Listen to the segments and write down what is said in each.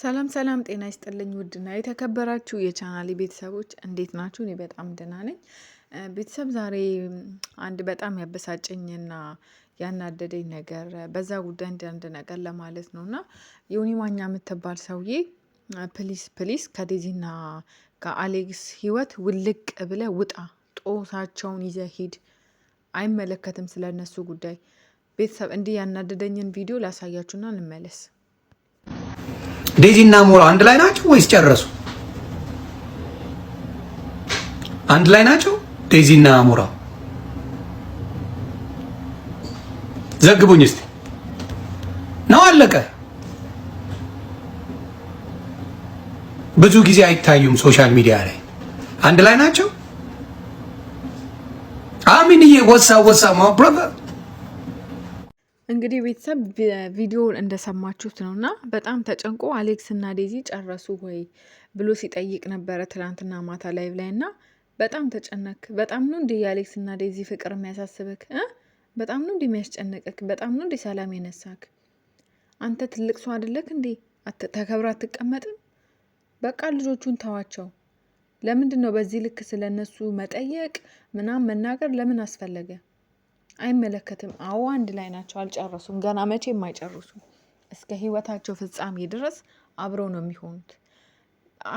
ሰላም ሰላም፣ ጤና ይስጥልኝ ውድና የተከበራችሁ የቻናሌ ቤተሰቦች እንዴት ናችሁ? እኔ በጣም ደህና ነኝ። ቤተሰብ ዛሬ አንድ በጣም ያበሳጨኝና ያናደደኝ ነገር በዛ ጉዳይ እንደ አንድ ነገር ለማለት ነው እና ዮኒ ማኛ የምትባል ሰውዬ ፕሊስ ፕሊስ ከዴዚና ከአሌክስ ህይወት ውልቅ ብለ ውጣ፣ ጦሳቸውን ይዘ ሂድ፣ አይመለከትም ስለ እነሱ ጉዳይ። ቤተሰብ እንዲህ ያናደደኝን ቪዲዮ ላሳያችሁና እንመለስ። ዴዚና ሞሮ አንድ ላይ ናቸው ወይስ ጨረሱ? አንድ ላይ ናቸው ዴዚና እና ዘግቡኝ እስቲ። ነው አለቀ። ብዙ ጊዜ አይታዩም ሶሻል ሚዲያ ላይ። አንድ ላይ ናቸው። አሚንዬ ወሳ ወሳ ማ ብራዘር እንግዲህ ቤተሰብ ቪዲዮውን እንደሰማችሁት ነው እና በጣም ተጨንቆ አሌክስ እና ዴዚ ጨረሱ ወይ ብሎ ሲጠይቅ ነበረ ትናንትና ማታ ላይቭ ላይ እና በጣም ተጨነክ። በጣም ነው እንዲህ የአሌክስ እና ዴዚ ፍቅር የሚያሳስብክ? በጣም ነው እንዲህ በጣም ነው እንዲህ ሰላም የነሳክ? አንተ ትልቅ ሰው አይደለክ እንዴ? ተከብራ አትቀመጥም? በቃ ልጆቹን ተዋቸው። ለምንድን ነው በዚህ ልክ ስለነሱ መጠየቅ ምናምን መናገር ለምን አስፈለገ? አይመለከትም። አዎ አንድ ላይ ናቸው፣ አልጨረሱም። ገና መቼም አይጨርሱም። እስከ ህይወታቸው ፍጻሜ ድረስ አብረው ነው የሚሆኑት።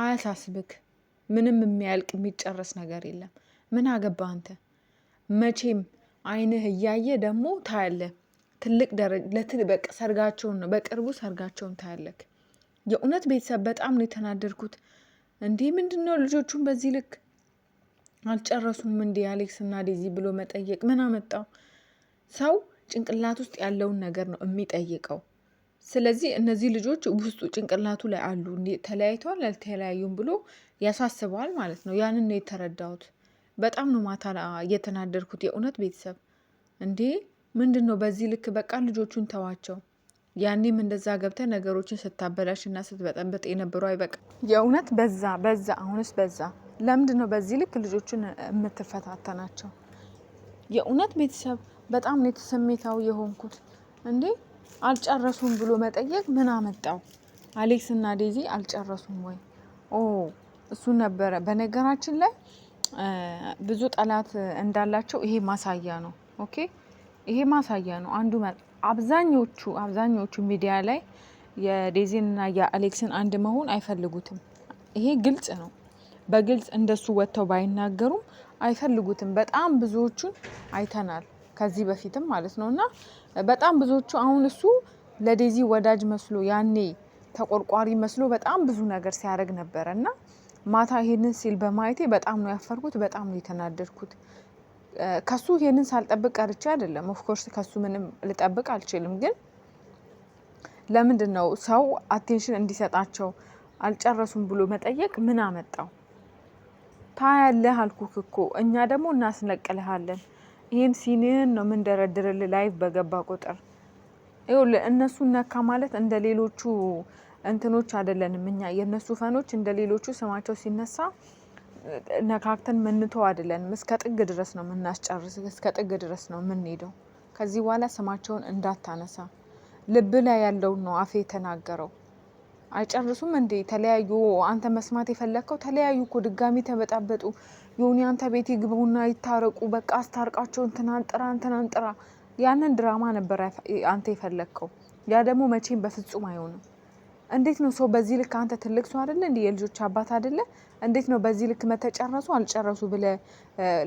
አያሳስብክ። ምንም የሚያልቅ የሚጨረስ ነገር የለም። ምን አገባ አንተ? መቼም አይንህ እያየ ደግሞ ታያለ ትልቅ ደረጃ ሰርጋቸውን ነው በቅርቡ ሰርጋቸውን ታያለክ። የእውነት ቤተሰብ በጣም ነው የተናደርኩት። እንዲህ ምንድን ነው ልጆቹን በዚህ ልክ አልጨረሱም እንዴ አሌክስ እና ዴዚ ብሎ መጠየቅ ምን አመጣው? ሰው ጭንቅላት ውስጥ ያለውን ነገር ነው የሚጠይቀው። ስለዚህ እነዚህ ልጆች ውስጡ ጭንቅላቱ ላይ አሉ። ተለያይተዋል አልተለያዩም ብሎ ያሳስበዋል ማለት ነው። ያንን ነው የተረዳሁት። በጣም ነው ማታ የተናደርኩት። የእውነት ቤተሰብ እንዴ ምንድን ነው በዚህ ልክ? በቃ ልጆቹን ተዋቸው። ያኔም እንደዛ ገብተ ነገሮችን ስታበላሽ እና ስትበጠበጥ የነበሩ አይበቃ። የእውነት በዛ በዛ፣ አሁንስ በዛ። ለምንድን ነው በዚህ ልክ ልጆቹን የምትፈታተናቸው? የእውነት ቤተሰብ በጣም ነው የተሰሜታዊ የሆንኩት። እንዴ አልጨረሱም ብሎ መጠየቅ ምን አመጣው? አሌክስ እና ዴዚ አልጨረሱም ወይ? ኦ እሱ ነበረ። በነገራችን ላይ ብዙ ጠላት እንዳላቸው ይሄ ማሳያ ነው። ኦኬ ይሄ ማሳያ ነው። አንዱ አብዛኞቹ አብዛኞቹ ሚዲያ ላይ የዴዚንና የአሌክስን አንድ መሆን አይፈልጉትም። ይሄ ግልጽ ነው። በግልጽ እንደሱ ወጥተው ባይናገሩም አይፈልጉትም። በጣም ብዙዎቹን አይተናል ከዚህ በፊትም ማለት ነው እና በጣም ብዙዎቹ አሁን እሱ ለዴዚ ወዳጅ መስሎ ያኔ ተቆርቋሪ መስሎ በጣም ብዙ ነገር ሲያደርግ ነበረ እና ማታ ይሄንን ሲል በማየቴ በጣም ነው ያፈርኩት፣ በጣም ነው የተናደድኩት። ከሱ ይሄንን ሳልጠብቅ ቀርቼ አይደለም። ኦፍኮርስ ከሱ ምንም ልጠብቅ አልችልም። ግን ለምንድን ነው ሰው አቴንሽን እንዲሰጣቸው አልጨረሱም ብሎ መጠየቅ ምን አመጣው? ታያለህ አልኩክ እኮ እኛ ደግሞ እናስነቅልሃለን። ይህን ሲኒህን ነው የምንደረድርልህ ላይቭ በገባ ቁጥር። ይኸውልህ እነሱን ነካ ማለት እንደ ሌሎቹ እንትኖች አይደለንም። እኛ የእነሱ ፈኖች እንደ ሌሎቹ ስማቸው ሲነሳ ነካክተን ምንተው አይደለንም። እስከ ጥግ ድረስ ነው የምናስጨርስ፣ እስከ ጥግ ድረስ ነው የምንሄደው። ከዚህ በኋላ ስማቸውን እንዳታነሳ። ልብ ላይ ያለውን ነው አፌ የተናገረው። አይጨርሱም እንዴ? ተለያዩ። አንተ መስማት የፈለግከው ተለያዩ እኮ ድጋሚ ተበጣበጡ። ዮኒ አንተ ቤት ይግቡና ይታረቁ፣ በቃ አስታርቃቸው፣ እንትናን ጥራ፣ እንትናን ጥራ። ያንን ድራማ ነበር አንተ የፈለግከው። ያ ደግሞ መቼም በፍጹም አይሆንም። እንዴት ነው ሰው በዚህ ልክ አንተ ትልቅ ሰው አደለ እንዲ የልጆች አባት አደለ? እንዴት ነው በዚህ ልክ መተጨረሱ አልጨረሱ ብለ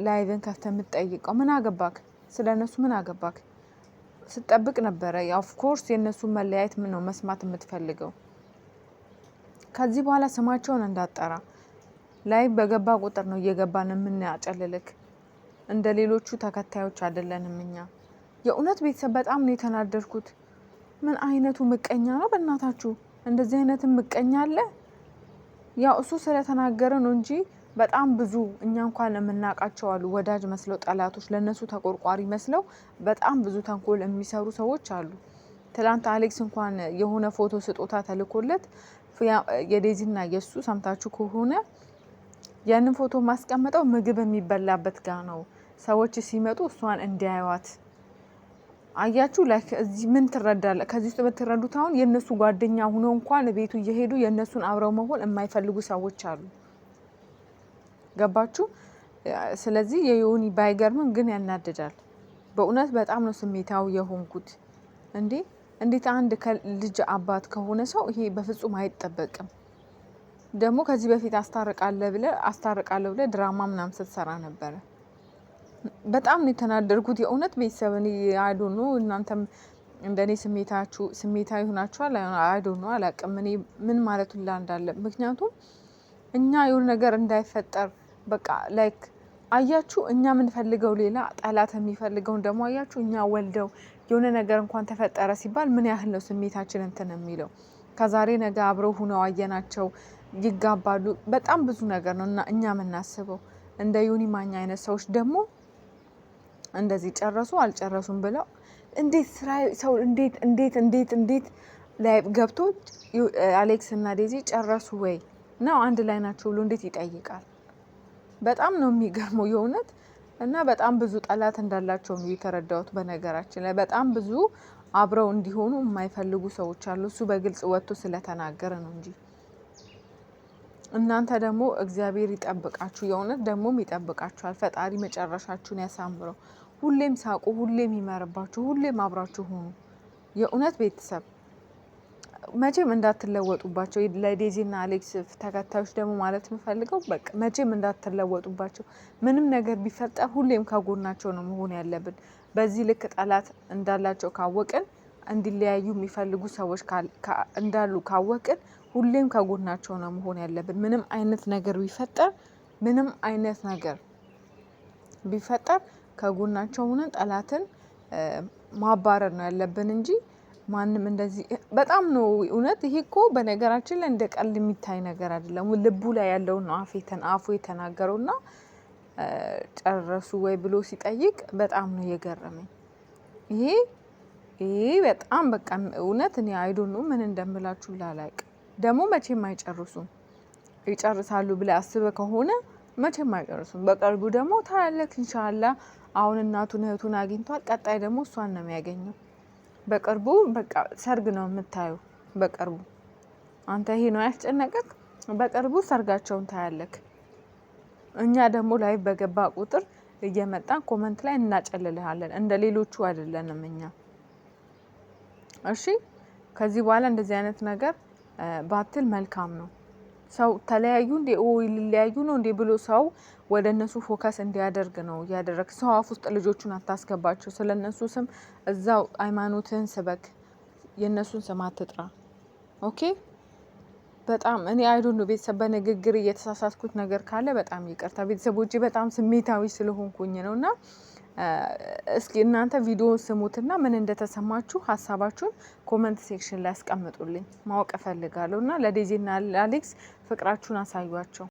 ላይቭን ከፍተ የምትጠይቀው? ምን አገባክ? ስለ እነሱ ምን አገባክ? ስጠብቅ ነበረ። ኦፍኮርስ የእነሱ መለያየት ምን ነው መስማት የምትፈልገው ከዚህ በኋላ ስማቸውን እንዳጠራ ላይ በገባ ቁጥር ነው እየገባን የምናጨልልክ። እንደ ሌሎቹ ተከታዮች አይደለንም እኛ። የእውነት ቤተሰብ በጣም ነው የተናደድኩት። ምን አይነቱ ምቀኛ ነው በእናታችሁ! እንደዚህ አይነትም ምቀኛ አለ? ያው እሱ ስለተናገረ ነው እንጂ በጣም ብዙ እኛ እንኳን የምናውቃቸው አሉ፣ ወዳጅ መስለው ጠላቶች፣ ለእነሱ ተቆርቋሪ መስለው በጣም ብዙ ተንኮል የሚሰሩ ሰዎች አሉ። ትላንት አሌክስ እንኳን የሆነ ፎቶ ስጦታ ተልኮለት የዴዚና የእሱ ሰምታችሁ ከሆነ ያንን ፎቶ ማስቀምጠው ምግብ የሚበላበት ጋር ነው። ሰዎች ሲመጡ እሷን እንዲያዩዋት አያችሁ። ላይክ እዚህ ምን ትረዳለ? ከዚህ ውስጥ የምትረዱት አሁን የእነሱ ጓደኛ ሁኖ እንኳን ቤቱ እየሄዱ የእነሱን አብረው መሆን የማይፈልጉ ሰዎች አሉ። ገባችሁ? ስለዚህ የዮኒ ባይገርምም ግን ያናድዳል። በእውነት በጣም ነው ስሜታዊ የሆንኩት እንዴ እንዴት አንድ ልጅ አባት ከሆነ ሰው ይሄ በፍጹም አይጠበቅም። ደግሞ ከዚህ በፊት አስታርቃለ ብለ አስታርቃለ ብለ ድራማ ምናምን ስትሰራ ነበረ። በጣም ነው የተናደርኩት የእውነት ቤተሰብን እኔ አይዶኖ እናንተም እንደኔ ስሜታችሁ ስሜታዊ ሆናችኋል። አይዶኖ አላቅም እኔ ምን ማለቱ ላ እንዳለ ምክንያቱም እኛ የሆነ ነገር እንዳይፈጠር በቃ ላይክ አያችሁ፣ እኛ የምንፈልገው ሌላ ጠላት የሚፈልገውን ደግሞ አያችሁ፣ እኛ ወልደው የሆነ ነገር እንኳን ተፈጠረ ሲባል ምን ያህል ነው ስሜታችን እንትን የሚለው ከዛሬ ነገ አብረው ሁነው አየናቸው ይጋባሉ። በጣም ብዙ ነገር ነው እና እኛ የምናስበው እንደ ዮኒ ማኛ አይነት ሰዎች ደግሞ እንደዚህ ጨረሱ አልጨረሱም ብለው እንዴት ስራ ሰው እንዴት እንዴት እንዴት እንዴት ላይ ገብቶ አሌክስ እና ዴዚ ጨረሱ ወይ ነው አንድ ላይ ናቸው ብሎ እንዴት ይጠይቃል? በጣም ነው የሚገርመው የእውነት እና በጣም ብዙ ጠላት እንዳላቸው ነው የተረዳሁት። በነገራችን ላይ በጣም ብዙ አብረው እንዲሆኑ የማይፈልጉ ሰዎች አሉ። እሱ በግልጽ ወጥቶ ስለተናገረ ነው እንጂ እናንተ ደግሞ እግዚአብሔር ይጠብቃችሁ። የእውነት ደግሞም ይጠብቃችኋል። ፈጣሪ መጨረሻችሁን ያሳምረው። ሁሌም ሳቁ፣ ሁሌም ይመርባችሁ፣ ሁሌም አብራችሁ ሁኑ። የእውነት ቤተሰብ መቼም እንዳትለወጡባቸው ለዴዚና አሌክስ ተከታዮች ደግሞ ማለት የምፈልገው በቃ መቼም እንዳትለወጡባቸው። ምንም ነገር ቢፈጠር ሁሌም ከጎናቸው ነው መሆን ያለብን። በዚህ ልክ ጠላት እንዳላቸው ካወቅን፣ እንዲለያዩ የሚፈልጉ ሰዎች እንዳሉ ካወቅን፣ ሁሌም ከጎናቸው ነው መሆን ያለብን። ምንም አይነት ነገር ቢፈጠር ምንም አይነት ነገር ቢፈጠር ከጎናቸው ሆነን ጠላትን ማባረር ነው ያለብን እንጂ ማንም እንደዚህ በጣም ነው እውነት። ይሄ እኮ በነገራችን ላይ እንደ ቀልድ የሚታይ ነገር አይደለም። ልቡ ላይ ያለውን ነው አፉ የተናገረው እና ጨረሱ ወይ ብሎ ሲጠይቅ በጣም ነው የገረመኝ። ይሄ ይሄ በጣም በቃ እውነት እኔ አይዶ ነው ምን እንደምላችሁ ላላቅ ደግሞ መቼም አይጨርሱም። ይጨርሳሉ ብለህ አስበ ከሆነ መቼም አይጨርሱም። በቅርቡ ደግሞ ታላለክ ኢንሻላህ። አሁን እናቱን እህቱን አግኝቷል። ቀጣይ ደግሞ እሷን ነው የሚያገኘው። በቅርቡ በቃ ሰርግ ነው የምታየው። በቅርቡ አንተ ይሄ ነው ያስጨነቀክ። በቅርቡ ሰርጋቸውን ታያለክ። እኛ ደግሞ ላይ በገባ ቁጥር እየመጣን ኮመንት ላይ እናጨልልሃለን። እንደ ሌሎቹ አይደለንም እኛ። እሺ፣ ከዚህ በኋላ እንደዚህ አይነት ነገር ባትል መልካም ነው። ሰው ተለያዩ እንዴ ሊለያዩ ነው እንዴ ብሎ ሰው ወደ እነሱ ፎከስ እንዲያደርግ ነው እያደረግ። ሰው አፍ ውስጥ ልጆቹን አታስገባቸው። ስለ እነሱ ስም እዛው ሃይማኖትህን ስበክ፣ የእነሱን ስም አትጥራ። ኦኬ። በጣም እኔ አይዶን ቤተሰብ፣ በንግግር እየተሳሳትኩት ነገር ካለ በጣም ይቅርታ ቤተሰቦቼ። በጣም ስሜታዊ ስለሆንኩኝ ነው እና እስኪ እናንተ ቪዲዮን ስሙትና ምን እንደተሰማችሁ ሀሳባችሁን ኮመንት ሴክሽን ላይ ያስቀምጡልኝ፣ ማወቅ እፈልጋለሁ እና ለዴዜና አሌክስ ፍቅራችሁን አሳዩቸው።